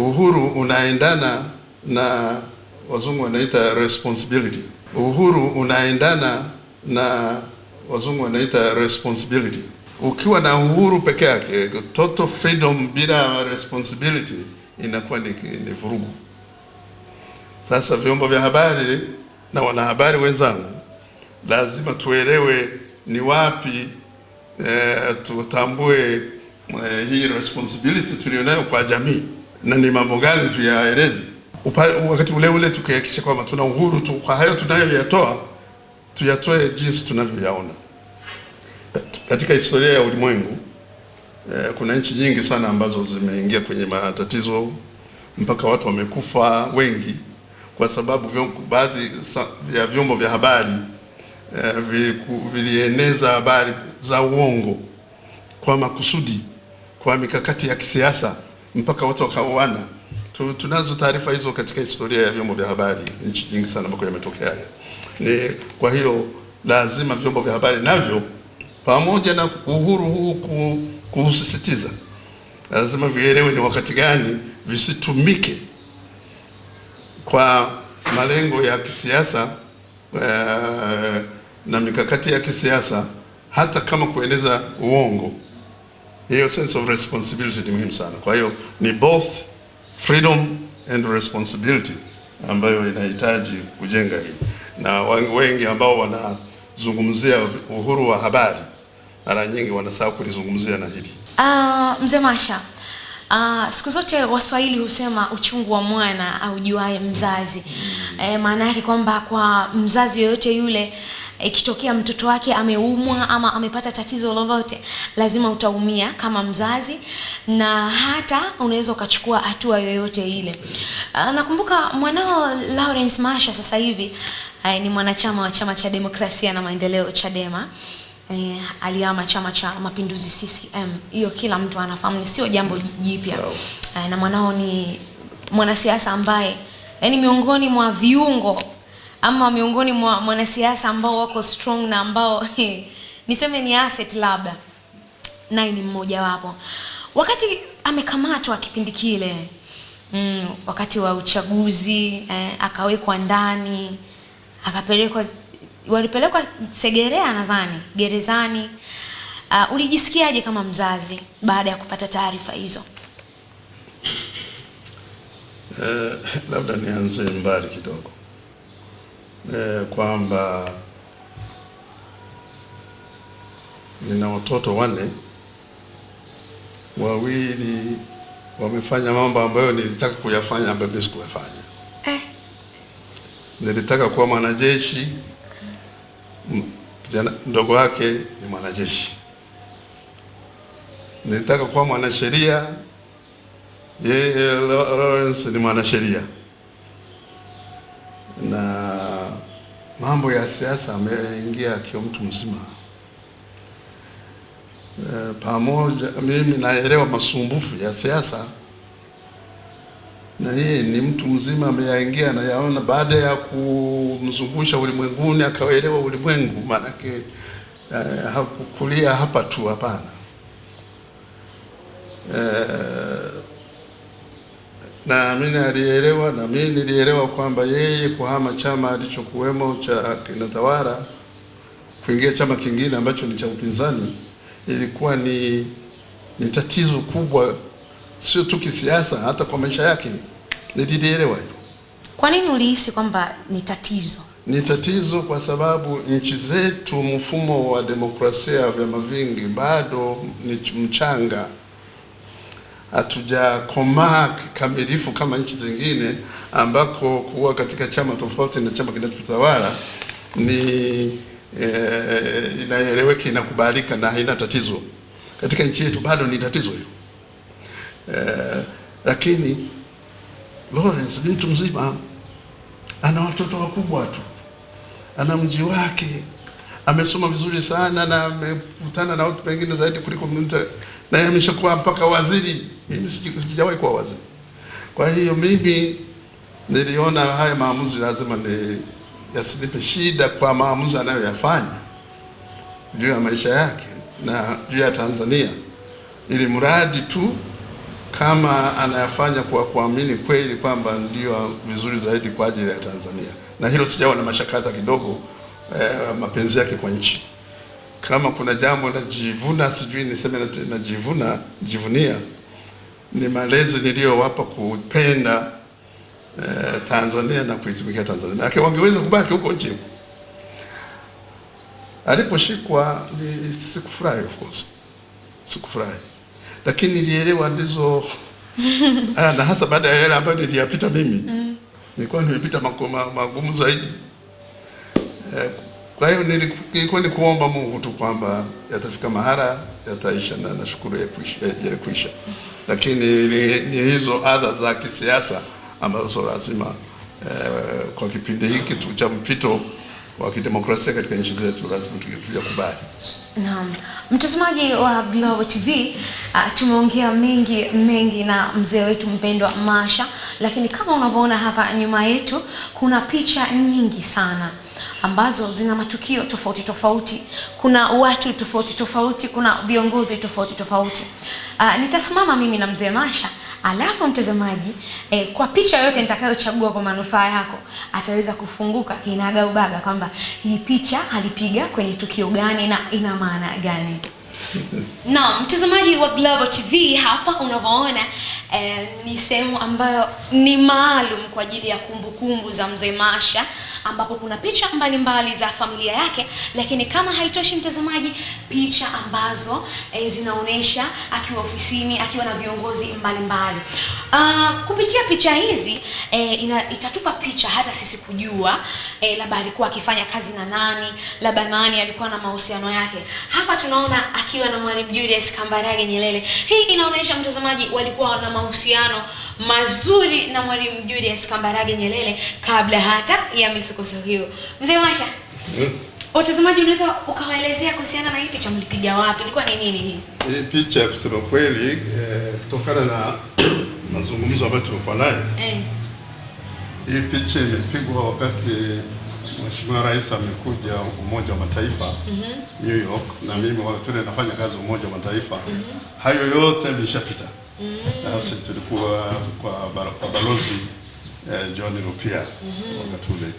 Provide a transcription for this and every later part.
uhuru unaendana na wazungu wanaita responsibility. Uhuru unaendana na wazungu wanaita responsibility. Ukiwa na uhuru peke yake, total freedom bila responsibility inakuwa ni, ni vurugu. Sasa vyombo vya habari na wanahabari wenzangu lazima tuelewe ni wapi eh, tutambue eh, hii responsibility tulionayo kwa jamii na ni mambo gani tuyaeleze wakati ule ule, tukihakikisha kwamba tuna uhuru tu kwa hayo tunayoyatoa tuyatoe jinsi tunavyoyaona. Katika historia ya ulimwengu eh, kuna nchi nyingi sana ambazo zimeingia kwenye matatizo mpaka watu wamekufa wengi kwa sababu baadhi ya vyombo vya habari eh, vilieneza habari za uongo kwa makusudi, kwa mikakati ya kisiasa mpaka watu wakaoana. Tunazo taarifa hizo katika historia ya vyombo vya habari nchi nyingi sana ambako yametokea haya. E, ni kwa hiyo lazima vyombo vya habari navyo pamoja na uhuru huu kuusisitiza, lazima vielewe ni wakati gani visitumike kwa malengo ya kisiasa e, na mikakati ya kisiasa, hata kama kueneza uongo hiyo sense of responsibility ni muhimu sana. Kwa hiyo ni both freedom and responsibility ambayo inahitaji kujenga hii, na wengi ambao wanazungumzia uhuru wa habari mara nyingi wanasahau kulizungumzia na hili. Uh, Mzee Masha, Uh, siku zote Waswahili husema uchungu wa mwana jua mzazi. E, maana yake kwamba kwa mzazi yoyote yule ikitokea mtoto wake ameumwa ama amepata tatizo lolote, lazima utaumia kama mzazi, na hata unaweza ukachukua hatua yoyote ile. Ah, nakumbuka mwanao Lawrence Masha sasa hivi eh, ni mwanachama wa chama cha demokrasia na maendeleo Chadema. E, aliama Chama cha Mapinduzi CCM. Hiyo kila mtu anafahamu, ni sio jambo jipya so. E, eh, na mwanao ni mwanasiasa ambaye yaani miongoni mwa viungo ama miongoni mwa mwanasiasa ambao wako strong na ambao niseme ni asset labda, naye ni mmoja wapo. Wakati amekamatwa kipindi kile mm, wakati wa uchaguzi eh, akawekwa ndani akapelekwa, walipelekwa Segerea nadhani gerezani. Uh, ulijisikiaje kama mzazi baada ya kupata taarifa hizo? Eh, labda nianze mbali kidogo e, kwamba nina watoto wanne, wawili wamefanya mambo ambayo nilitaka kuyafanya ambayo mimi sikuyafanya. Eh, nilitaka kuwa mwanajeshi, mdogo wake ni mwanajeshi. Nilitaka kuwa mwanasheria, yeye Lawrence ni mwanasheria na mambo ya siasa ameingia akiwa mtu mzima e, pamoja mimi naelewa masumbufu ya siasa na hii ni mtu mzima ameyaingia na yaona, baada ya kumzungusha ulimwenguni akaelewa ulimwengu, maanake e, hakukulia hapa tu, hapana. E, Naamini alielewa na mimi nilielewa kwamba yeye kuhama chama alichokuwemo cha kinatawala kuingia chama kingine ambacho ni cha upinzani ilikuwa ni, ni tatizo kubwa, sio tu kisiasa, hata kwa maisha yake. Nilielewa hilo. Kwa nini ulihisi kwamba ni tatizo? Ni tatizo kwa sababu nchi zetu, mfumo wa demokrasia ya vyama vingi bado ni mchanga hatujakomaa kikamilifu kama nchi zingine ambako kuwa katika chama tofauti na chama kinachotawala ni e, eh, inaeleweka, inakubalika na haina tatizo. Katika nchi yetu bado ni tatizo hiyo e, eh, lakini Lawrence ni mtu mzima, ana watoto wakubwa tu, ana mji wake, amesoma vizuri sana na amekutana na watu pengine zaidi kuliko mtu, yeye ameshakuwa mpaka waziri. Mimi sijawahi kuwa waziri, kwa hiyo mimi niliona haya maamuzi lazima ni yasinipe shida kwa maamuzi anayoyafanya juu ya maisha yake na juu ya Tanzania, ili mradi tu kama anayafanya kwa kuamini kweli kwamba ndio vizuri zaidi kwa ajili ya Tanzania, na hilo sijawa na mashaka kidogo eh, mapenzi yake kwa nchi. Kama kuna jambo najivuna, sijui niseme najivuna jivunia ni malezi niliyowapa kupenda eh, Tanzania na kuitumikia Tanzania. Maana wangeweza kubaki huko nje. Aliposhikwa ni sikufurahi, of course, sikufurahi, lakini nilielewa ndizo ah, na hasa baada ya yale ambayo niliyapita mimi mm. nilikuwa nimepita magumu zaidi eh, kwa hiyo nilikuwa ni kuomba Mungu tu kwamba yatafika mahara yataisha, na nashukuru ya kuisha, ya kuisha lakini ni hizo adha za kisiasa ambazo lazima eh, kwa kipindi hiki tu cha mpito wa kidemokrasia katika nchi zetu lazima kubali Naam, mtazamaji wa Global TV, uh, ah, tumeongea mengi mengi na mzee wetu mpendwa Masha, lakini kama unavyoona hapa nyuma yetu kuna picha nyingi sana ambazo zina matukio tofauti tofauti, kuna watu tofauti tofauti, kuna viongozi tofauti tofauti. Uh, nitasimama mimi na mzee Masha alafu mtazamaji eh, kwa picha yote nitakayochagua kwa manufaa yako ataweza kufunguka kinaga ubaga kwamba hii picha alipiga kwenye tukio gani na ina maana gani. na mtazamaji wa Global TV hapa unavyoona eh, ni sehemu ambayo ni maalum kwa ajili ya kumbukumbu kumbu za mzee Masha ambapo kuna picha mbalimbali mbali za familia yake, lakini kama haitoshi mtazamaji, picha ambazo eh, zinaonyesha akiwa ofisini akiwa na viongozi mbalimbali mbali. Uh, kupitia picha hizi eh, ina, itatupa picha hata sisi kujua eh, labda alikuwa akifanya kazi na nani, labda nani alikuwa na mahusiano yake. Hapa tunaona akiwa akiwa na Mwalimu Julius Kambarage Nyerere. Hii inaonyesha mtazamaji, walikuwa na mahusiano mazuri na Mwalimu Julius Kambarage Nyerere kabla hata ya misukosuko hiyo. Mzee Masha, hmm? watazamaji unaweza ukawaelezea kuhusiana na hii picha, mlipiga wapi? Ilikuwa ni nini hii? Hii picha kusema kweli, eh, kutokana eh, na mazungumzo ambayo tumekuwa naye eh, hii picha imepigwa wakati Mheshimiwa Rais amekuja Umoja wa Mataifa mm -hmm. New York na mimi tuna nafanya kazi Umoja wa Mataifa mm -hmm. Hayo yote yameshapita sasa mm -hmm. Tulikuwa kwa, kwa balozi eh, John Rupia mm -hmm. Wakati ule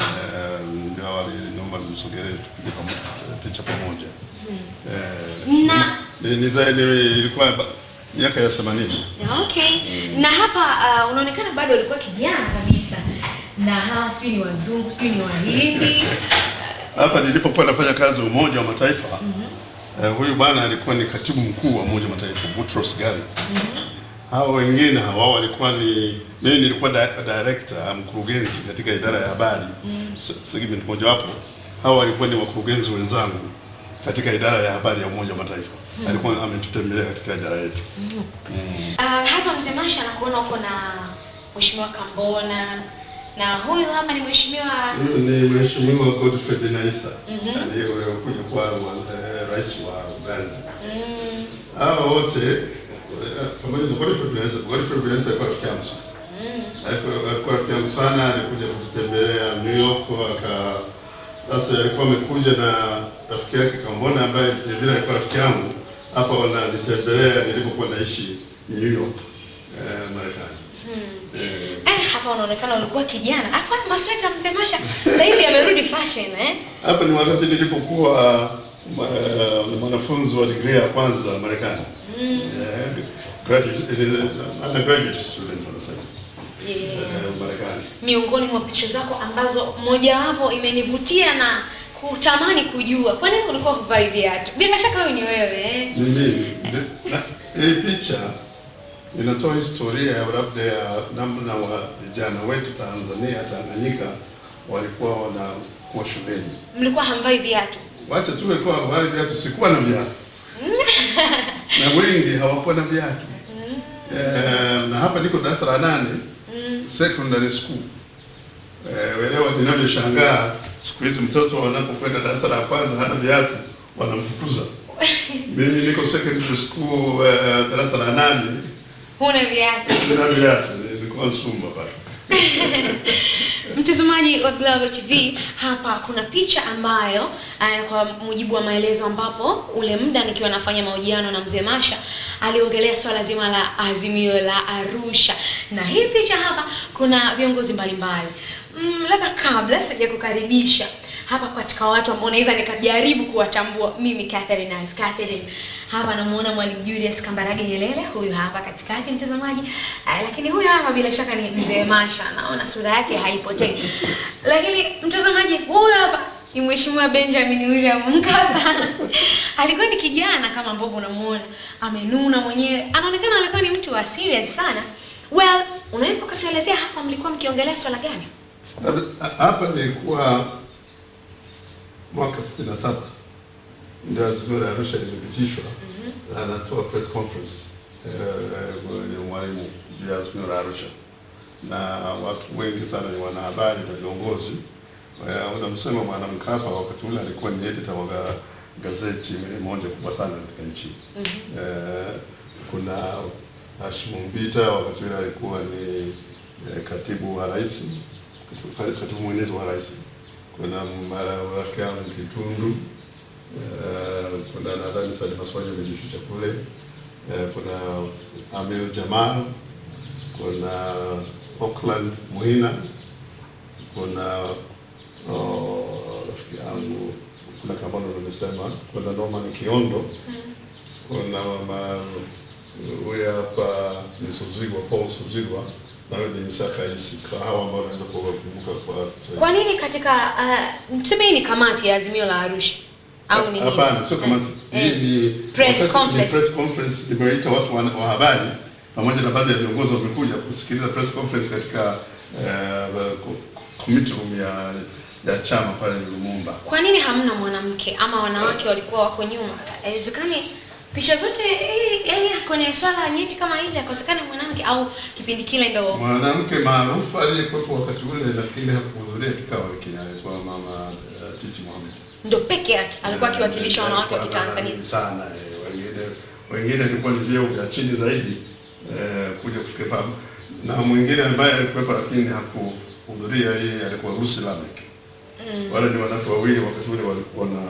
eh, ndio eh, wale aliniomba nimsogelee tupige pamoja picha pamoja mm -hmm. eh, na ni zaidi ilikuwa miaka ya 80. Okay. Mm -hmm. Na hapa uh, unaonekana bado ulikuwa kijana kabisa na hawa sijui ni wazungu sijui ni Wahindi. Hapa nilipokuwa nafanya kazi Umoja wa Mataifa mm -hmm. uh, huyu bwana alikuwa ni katibu mkuu wa Umoja wa Mataifa Boutros Ghali mm -hmm. hao wengine hao walikuwa ni mimi nilikuwa da, director mkurugenzi katika idara ya habari mm -hmm. segment wapo hao walikuwa ni wakurugenzi wenzangu katika idara ya habari ya Umoja wa Mataifa mm -hmm. alikuwa ametutembelea katika idara yetu mhm. mm -hmm. mm. Uh, hapa mzee Masha anakuona uko na Mheshimiwa Kambona na huyu hapa ni mheshimiwa huyu ni mheshimiwa Godfrey Naisa mm -hmm. aliyekuja kwa eh, rais wa Uganda mm. hawa wote eh, pamoja na Godfrey Naisa Godfrey Naisa kwa rafiki yangu sana mm. kwa rafiki yangu sana alikuja kututembelea New York aka sasa alikuwa amekuja na rafiki yake Kambona ambaye vile vile alikuwa rafiki yangu hapa wananitembelea nilipokuwa naishi New York unaonekana ulikuwa kijana. Afu hata masweta mzee Masha sasa hizi yamerudi fashion eh? Hapo ni wakati nilipokuwa eh, mwanafunzi wa degree ya kwanza Marekani. Mm. Eh, eh, Miongoni mwa picha zako ambazo moja wapo imenivutia na kutamani kujua kwa nini ulikuwa huvai viatu? Bila shaka wewe ni wewe eh? Ni mimi. Hii picha inatoa historia ya labda ya namna wa vijana wetu Tanzania, Tanganyika walikuwa wanakuwa shuleni. Mlikuwa hamvai viatu? Wacha tuwe kwa hamvai viatu, sikuwa na viatu mm. na wengi hawakuwa na viatu e, na hapa niko darasa la nane mm. secondary school e, eh, welewa ninavyoshangaa siku hizi mtoto anapokwenda darasa la kwanza hana viatu wanamfukuza. Mimi niko secondary school uh, darasa la nane huna viatu. Sina viatu, nilikuwa Nsumba pale. Mtazamaji wa Global TV, hapa kuna picha ambayo uh, kwa mujibu wa maelezo, ambapo ule muda nikiwa nafanya mahojiano na mzee Masha aliongelea swala zima la azimio la Arusha, na hii picha hapa kuna viongozi mbalimbali. Mm, labda kabla sijakukaribisha hapa katika watu ambao naweza nikajaribu kuwatambua mimi Catherine as Catherine. Hapa namuona Mwalimu Julius Kambarage Nyelele, huyu hapa katikati mtazamaji. Eh, lakini huyu hapa bila shaka ni Mzee Masha, naona sura yake haipotei. Lakini mtazamaji, huyu hapa ni Mheshimiwa Benjamin William Mkapa. alikuwa ni kijana kama ambavyo unamuona, amenuna mwenyewe, anaonekana alikuwa ni mtu wa serious sana. Well, unaweza ukatuelezea hapa mlikuwa mkiongelea swala gani? Hapa nilikuwa mwaka 67 ndio azimio la Arusha lilipitishwa mm -hmm. Anatoa press conference eh, mwalimu juu ya azimio la Arusha, na watu wengi sana ni wanahabari na viongozi eh, unamsema Bwana Mkapa wakati ule alikuwa ni editor wa gazeti moja kubwa sana katika nchi mm -hmm. Eh, kuna Hashim Mbita wakati ule alikuwa ni eh, katibu wa rais, katibu, katibu mwenezi wa rais kuna marafiki yangu Kitundu, eh, kuna nadhani Salima Swaja amejificha kule, eh, kuna Amil Jamal, kuna Auckland Muhina, kuna oh, rafiki yangu kuna Kambano nimesema, kuna Norman Kiondo, mm-hmm. kuna mama huyu hapa ni Suzigwa Paul Suzigwa kwa nini katika uh, tuseme ni kamati ya Azimio la Arusha au ni hapana? Sio eh, kamati eh, ni press conference. Press conference imewaita watu wa habari pamoja na baadhi ya viongozi wamekuja kusikiliza press conference katika eh, committee room ya ya chama pale Lumumba. Kwa nini hamna mwanamke ama wanawake walikuwa wako nyuma? Haiwezekani picha zote eh, eh kwenye swala nyeti kama ile akosekana mwanamke au kipindi kile ndo mwanamke maarufu aliyekuwepo wakati ule, nafikiri hakuhudhuria kikao hiki kwa mama eh, Titi Mohamed, ndo peke yake alikuwa akiwakilisha wanawake wa Kitanzania sana. Eh, wengine wengine ilikuwa ni vyeo vya chini zaidi kuja kufika pamoja na mwingine ambaye alikuwepo lakini hakuhudhuria, yeye alikuwa Rusi Lamek. Mm. Wale ni wanawake wawili wakati ule walikuwa na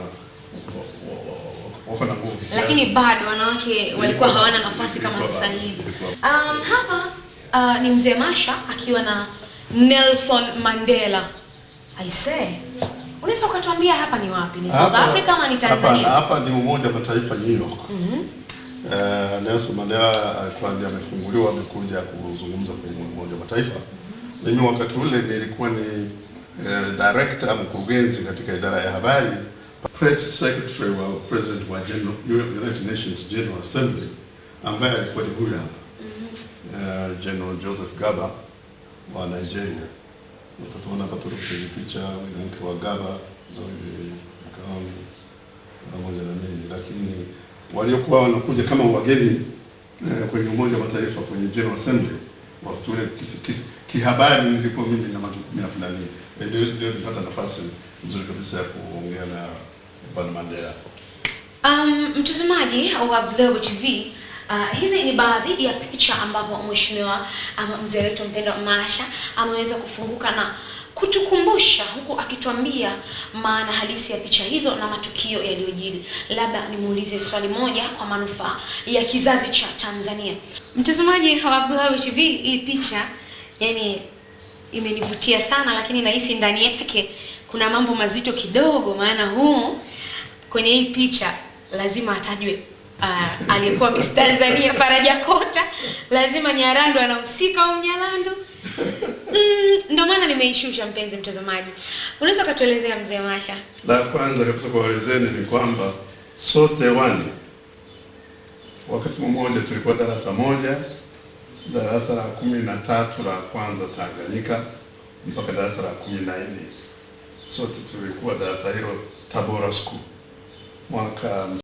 wako na nguvu kisiasa, lakini bado wanawake walikuwa hawana nafasi kama sasa hivi. Um, hapa uh, ni mzee Masha akiwa na Nelson Mandela. I say unaweza ukatuambia hapa ni wapi? Ni South Africa ama ni Tanzania? Hapa, hapa ni Umoja wa Mataifa New York. mm -hmm. Uh, Nelson Mandela alikuwa ndiye amefunguliwa amekuja kuzungumza kwenye Umoja wa Mataifa. Mimi wakati ule nilikuwa ni uh, director mkurugenzi katika idara ya habari press secretary wa president wa United Nations General Assembly ambaye alikuwa ni huyu hapa uh, General Joseph Gaba wa Nigeria. Utatuona hapa tuko kwenye picha mwanamke wa Gaba na makamu pamoja na mimi, lakini waliokuwa wanakuja kama wageni eh, kwenye Umoja wa Mataifa kwenye General Assembly wakati ule kihabari, nilikuwa mimi na majukumu ya fulani, eh, ndio nilipata nafasi nzuri kabisa ya kuongea na Bwana Mandela. Um, mtazamaji wa Global TV Uh, hizi ni baadhi ya picha ambapo mheshimiwa um, mzee wetu mpendwa Masha ameweza kufunguka na kutukumbusha huku akituambia maana halisi ya picha hizo na matukio yaliyojiri. Labda nimuulize swali moja kwa manufaa ya kizazi cha Tanzania. Mtazamaji wa Global TV, hii picha yani imenivutia sana, lakini nahisi ndani yake kuna mambo mazito kidogo, maana huu kwenye hii picha lazima atajwe uh, aliyekuwa Miss Tanzania Faraja Kota, lazima Nyarando anahusika au Mnyarando. Mm, ndio maana nimeishusha. Mpenzi mtazamaji, unaweza ukatuelezea mzee Masha? La kwanza kabisa kuwaelezeni ni kwamba sote wane wakati mmoja tulikuwa darasa moja, darasa la kumi na tatu la kwanza Tanganyika mpaka darasa la kumi na nne sote tulikuwa darasa hilo Tabora School mwaka